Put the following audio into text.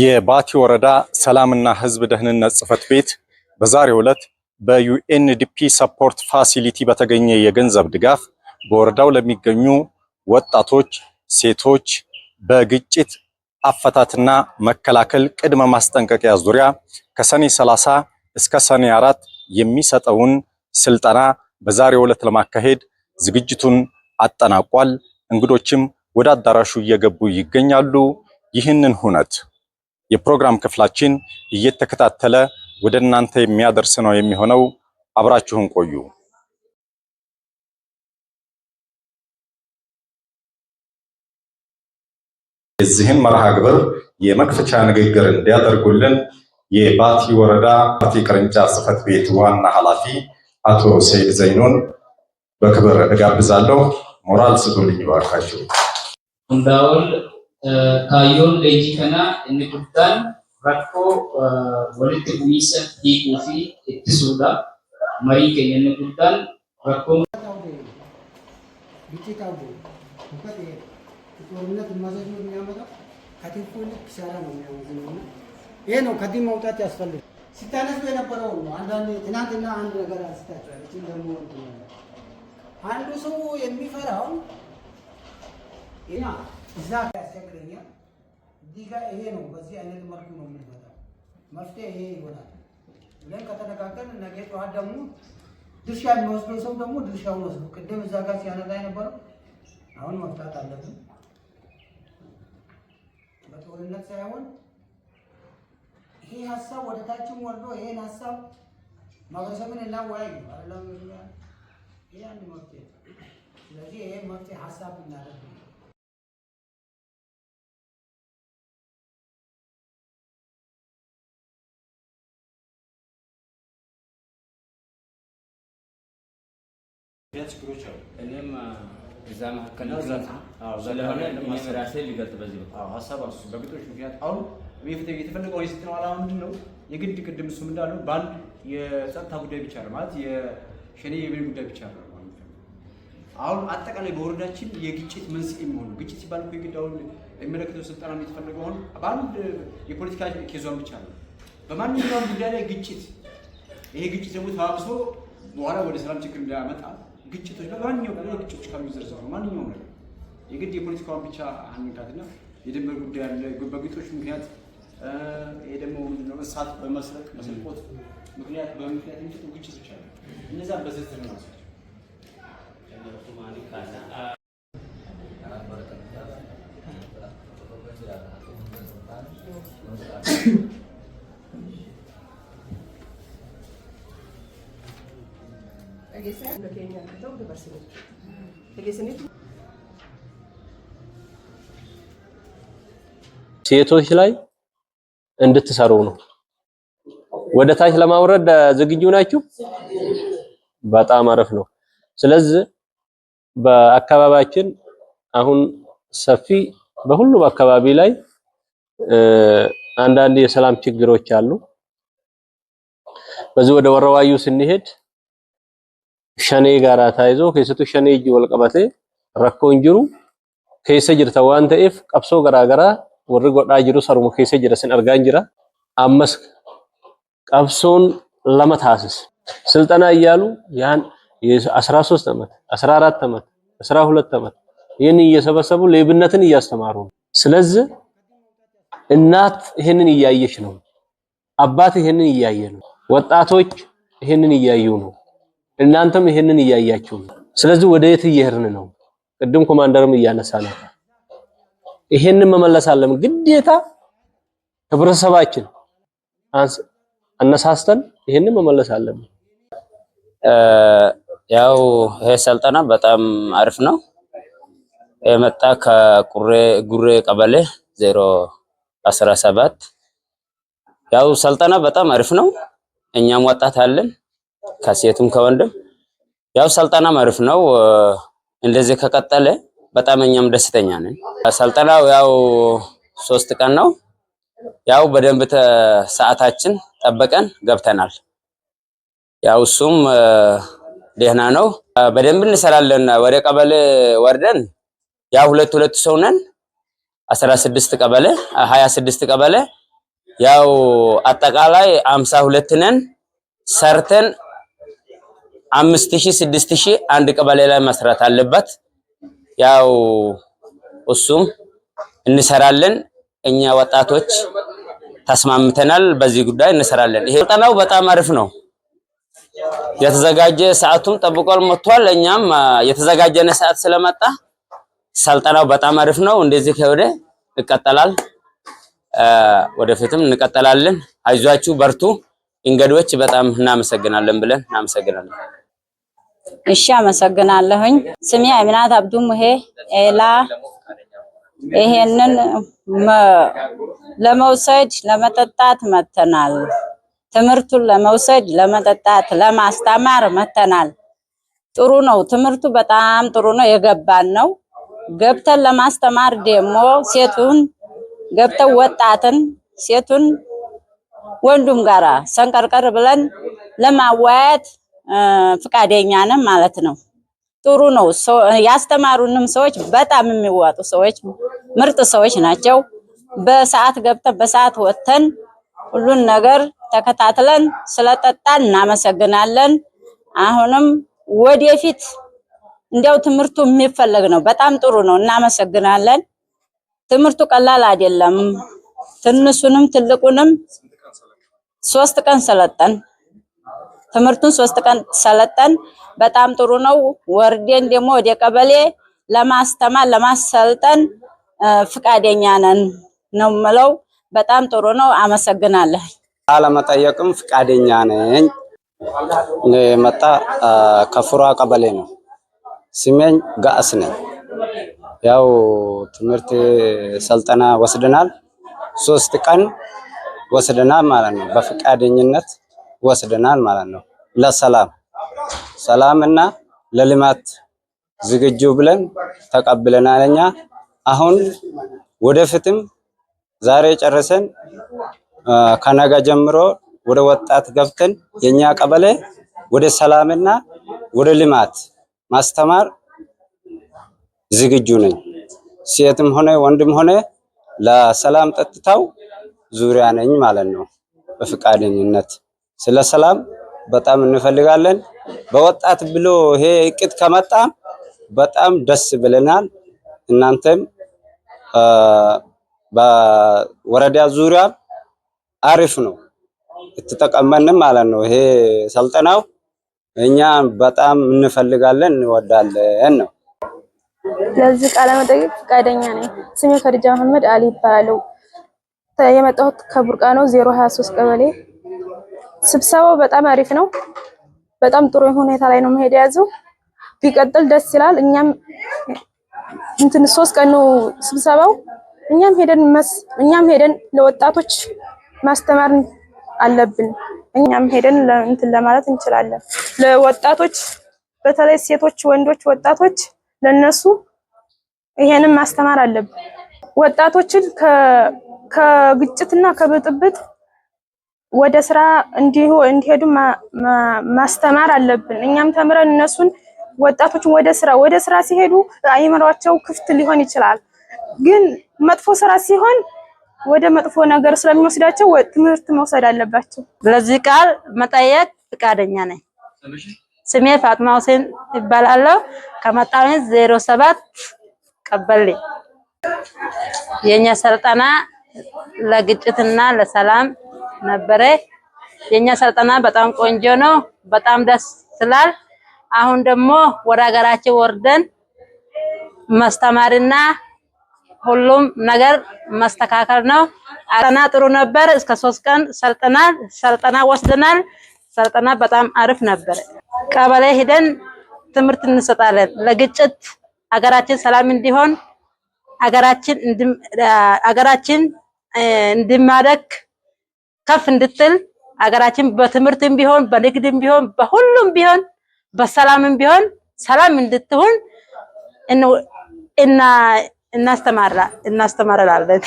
የባቲ ወረዳ ሰላምና ህዝብ ደህንነት ጽህፈት ቤት በዛሬው ዕለት በዩኤንዲፒ ሰፖርት ፋሲሊቲ በተገኘ የገንዘብ ድጋፍ በወረዳው ለሚገኙ ወጣቶች፣ ሴቶች በግጭት አፈታትና መከላከል ቅድመ ማስጠንቀቂያ ዙሪያ ከሰኔ 30 እስከ ሰኔ 4 የሚሰጠውን ስልጠና በዛሬው ዕለት ለማካሄድ ዝግጅቱን አጠናቋል። እንግዶችም ወደ አዳራሹ እየገቡ ይገኛሉ። ይህንን ሁነት የፕሮግራም ክፍላችን እየተከታተለ ወደ እናንተ የሚያደርስ ነው የሚሆነው። አብራችሁን ቆዩ። የዚህን መርሃ ግብር የመክፈቻ ንግግር እንዲያደርጉልን የባቲ ወረዳ ፓርቲ ቅርንጫፍ ጽሕፈት ቤት ዋና ኃላፊ አቶ ሰይድ ዘይኑን በክብር እጋብዛለሁ። ሞራል ስጡልኝ ባካችሁ። kaayyoon leenjii kanaa inni guddaan rakkoo walitti bu'iinsa hiikuu fi ittisuudha. Marii keenya inni guddaan rakkoo. Biqilii qabu muka ta'e ጦርነት መዘዝ ነው የሚያመጣው። ከቲም ከሆነ ኪሳራ ነው የሚያመጣው። ይሄ ነው ከቲም መውጣት ያስፈልግ ሲታነሱ የነበረው ነው። አንዳንድ ትናንትና አንድ ነገር አንስታችኋል። እችን ደግሞ አንዱ ሰው የሚፈራው ይና እዛ እዚህ ጋር ይሄ ነው። በዚህ አይነት መልኩ ነው የምንፈታው። መፍትሄ ይሄ ይሆናል ብለን ከተነጋገርን ነገ ጠዋት ደግሞ ድርሻ የሚወስደው ሰው ደግሞ ድርሻውን ወስዶ ቅድም እዛ ጋር ሲያነጋ የነበረው አሁን መፍታት አለብን። በጦርነት ሳይሆን ይሄ ሀሳብ ወደ ታችም ወርዶ ይሄን ሀሳብ ማህበረሰብን እናወያይ ነው። ይሄ አንድ መፍትሄ። ስለዚህ ይሄን መፍትሄ ሀሳብ እናደርግ ችግሮች አሉ። እኔም እዛ መካከል ስለሆነ ራሴ ሊገልጥ በዚህ ሀሳብ አሱ በግጦሽ ምክንያት አሁን የተፈለገው ሴት ነው። አላማ ምንድን ነው? የግድ ቅድም እሱም እንዳሉ በአንድ የጸጥታ ጉዳይ ብቻ ነው ማለት የሸኔ ጉዳይ ብቻ ነው። አሁን አጠቃላይ በወረዳችን የግጭት መንስኤ የሚሆኑ ግጭት ሲባል እኮ የግድ አሁን የሚመለከተው ስልጠና የተፈለገው አሁን በአንድ የፖለቲካ ኬዟን ብቻ ነው። በማንኛውም ጉዳይ ላይ ግጭት፣ ይሄ ግጭት ደግሞ ተባብሶ በኋላ ወደ ሰላም ችግር እንዳያመጣ ግጭቶች ላይ ዋነኛው ግጭቶች ከሚዘርዘው ነው። ማንኛውም ነገር የግድ የፖለቲካውን ብቻ አንካትና የድንበር ጉዳይ አለ። በግጭቶች ምክንያት ይሄ ደግሞ እንስሳት በመስረቅ መስልቆት ምክንያት በምክንያት ግጭት ብቻ ነው። እነዛ በዝርዝር ነው ማለት ነው። ሴቶች ላይ እንድትሰሩ ነው። ወደ ታች ለማውረድ ዝግጁ ናችሁ? በጣም አረፍ ነው። ስለዚህ በአካባቢያችን አሁን ሰፊ በሁሉም አካባቢ ላይ አንዳንድ የሰላም ችግሮች አሉ። በዚህ ወደ ወረዋዩ ስንሄድ shanee gaaraa taa'izoo keessattuu shanee ijji wal qabatee rakkoo hin jiru keessa jirta waan ta'eef qabsoo garaagaraa warri godhaa jiru saruma keessa jira sin argaa jira. Ammas qabsoon lama taasise. ስልጠና እያሉ ያን አስራ ሶስት ዓመት አስራ አራት ዓመት አስራ ሁለት ዓመት ይህን እየሰበሰቡ ሌብነትን እያስተማሩ ነው። ስለዚህ እናት ይህንን እያየች ነው። አባት ይህንን እያየ ነው። ወጣቶች ይህንን እያዩ ነው። እናንተም ይሄንን እያያችሁ ስለዚህ ወደ የት እየሄድን ነው? ቅድም ኮማንደርም እያነሳ ነው። ይሄንን መመለስ አለም ግዴታ ህብረተሰባችን አነሳስተን ይሄንን መመለሳለም። ያው ይሄ ሰልጠና በጣም አሪፍ ነው። የመጣ ከቁሬ ጉሬ ቀበሌ ዜሮ አስራ ያው ሰልጠና በጣም አሪፍ ነው። እኛም ወጣት አለን ከሴቱም ከወንድም ያው ሰልጠናም አሪፍ ነው። እንደዚህ ከቀጠለ በጣም እኛም ደስተኛ ነን። ሰልጠናው ያው ሶስት ቀን ነው። ያው በደንብ ሰዓታችን ጠበቀን ገብተናል። ያው እሱም ደህና ነው። በደንብ እንሰራለን። ወደ ቀበሌ ወርደን ያው ሁለት ሁለት ሰው ነን። 16 ቀበሌ ሀያ ቀበሌ ያው አጠቃላይ 52 ነን ሰርተን አምስት ሺህ ስድስት ሺህ አንድ ቀበሌ ላይ መስራት አለበት። ያው እሱም እንሰራለን። እኛ ወጣቶች ተስማምተናል፣ በዚህ ጉዳይ እንሰራለን። ይሄ ስልጠናው በጣም አሪፍ ነው። የተዘጋጀ ሰዓቱም ጠብቋል መጥቷል። እኛም የተዘጋጀነ ሰዓት ስለመጣ ስልጠናው በጣም አሪፍ ነው። እንደዚህ ከወደ ይቀጠላል፣ ወደፊትም እንቀጠላለን። አይዟችሁ፣ በርቱ እንገዶች በጣም እናመሰግናለን ብለን እናመሰግናለን። እሺ አመሰግናለሁኝ። ስሜ አይምናት አብዱ ሙሄ ኤላ። ይሄንን ለመውሰድ ለመጠጣት መተናል። ትምህርቱን ለመውሰድ ለመጠጣት፣ ለማስተማር መተናል። ጥሩ ነው ትምህርቱ፣ በጣም ጥሩ ነው። የገባን ነው ገብተን ለማስተማር ደግሞ ሴቱን ገብተን ወጣትን ሴቱን ወንዱም ጋራ ሰንቀርቀር ብለን ለማዋያት ፍቃደኛ ነን ማለት ነው። ጥሩ ነው። ያስተማሩንም ሰዎች በጣም የሚዋጡ ሰዎች፣ ምርጥ ሰዎች ናቸው። በሰዓት ገብተን በሰዓት ወጥተን ሁሉን ነገር ተከታትለን ስለጠጣን እናመሰግናለን። አሁንም ወደፊት እንዲያው ትምህርቱ የሚፈለግ ነው። በጣም ጥሩ ነው። እናመሰግናለን። ትምህርቱ ቀላል አይደለም። ትንሱንም ትልቁንም ሶስት ቀን ሰለጠን ትምህርቱን ሶስት ቀን ሰለጠን። በጣም ጥሩ ነው። ወርዴን ደግሞ ወደ ቀበሌ ለማስተማር ለማሰልጠን ፍቃደኛ ነን ነው ምለው በጣም ጥሩ ነው። አመሰግናለሁ። አለመጠየቅም ፍቃደኛ ነኝ። የመጣ ከፍሯ ቀበሌ ነው። ስሜኝ ጋስ ነኝ። ያው ትምህርት ሰልጠና ወስደናል። ሶስት ቀን ወስደናል ማለት ነው በፍቃደኝነት ወስደናል ማለት ነው። ለሰላም ሰላምና ለልማት ዝግጁ ብለን ተቀብለናል። እኛ አሁን ወደፊትም ዛሬ ጨርሰን ከነገ ጀምሮ ወደ ወጣት ገብተን የኛ ቀበሌ ወደ ሰላምና ወደ ልማት ማስተማር ዝግጁ ነኝ። ሴትም ሆነ ወንድም ሆነ ለሰላም ጠጥታው ዙሪያ ነኝ ማለት ነው በፈቃደኝነት ስለ ሰላም በጣም እንፈልጋለን። በወጣት ብሎ ይሄ እቅድ ከመጣ በጣም ደስ ብለናል። እናንተም በወረዳ ዙሪያ አሪፍ ነው እትጠቀመንም ማለት ነው ይሄ ሰልጠናው እኛ በጣም እንፈልጋለን እንወዳለን ነው። ለዚህ ቃለ መጠይቅ ፈቃደኛ ነኝ። ስሜ ከድጃ መሐመድ አሊ ይባላል። የመጣሁት ከቡርቃ ነው 023 ቀበሌ ስብሰባው በጣም አሪፍ ነው። በጣም ጥሩ ሁኔታ ላይ ነው መሄድ የያዘው። ቢቀጥል ደስ ይላል። እኛም እንትን ሶስት ቀን ነው ስብሰባው። እኛም ሄደን እኛም ሄደን ለወጣቶች ማስተማር አለብን። እኛም ሄደን እንትን ለማለት እንችላለን። ለወጣቶች በተለይ ሴቶች፣ ወንዶች፣ ወጣቶች ለነሱ ይሄንን ማስተማር አለብን። ወጣቶችን ከግጭትና ከብጥብጥ ወደ ስራ እንዲሁ እንዲሄዱ ማስተማር አለብን። እኛም ተምረን እነሱን ወጣቶችን ወደ ስራ ወደ ስራ ሲሄዱ አይምሯቸው ክፍት ሊሆን ይችላል። ግን መጥፎ ስራ ሲሆን ወደ መጥፎ ነገር ስለሚወስዳቸው ትምህርት መውሰድ አለባቸው። ስለዚህ ቃል መጠየቅ ፍቃደኛ ነኝ። ስሜ ፋጥማ ሁሴን ይባላለሁ። ከመጣሁኝ ዜሮ ሰባት ቀበሌ የእኛ ስልጠና ለግጭትና ለሰላም ነበረ። የኛ ስልጠና በጣም ቆንጆ ነው፣ በጣም ደስ ስላል። አሁን ደግሞ ወደ ሀገራችን ወርደን ማስተማርና ሁሉም ነገር ማስተካከል ነው። ስልጠና ጥሩ ነበር። እስከ ሶስት ቀን ስልጠና ስልጠና ወስደናል። ስልጠና በጣም አሪፍ ነበር። ቀበሌ ሂደን ትምህርት እንሰጣለን። ለግጭት ሀገራችን ሰላም እንዲሆን ሀገራችን እንድማደግ ከፍ እንድትል አገራችን በትምህርትም ቢሆን በንግድም ቢሆን በሁሉም ቢሆን በሰላምም ቢሆን ሰላም እንድትሆን እና እናስተማራ እናስተማራላለን።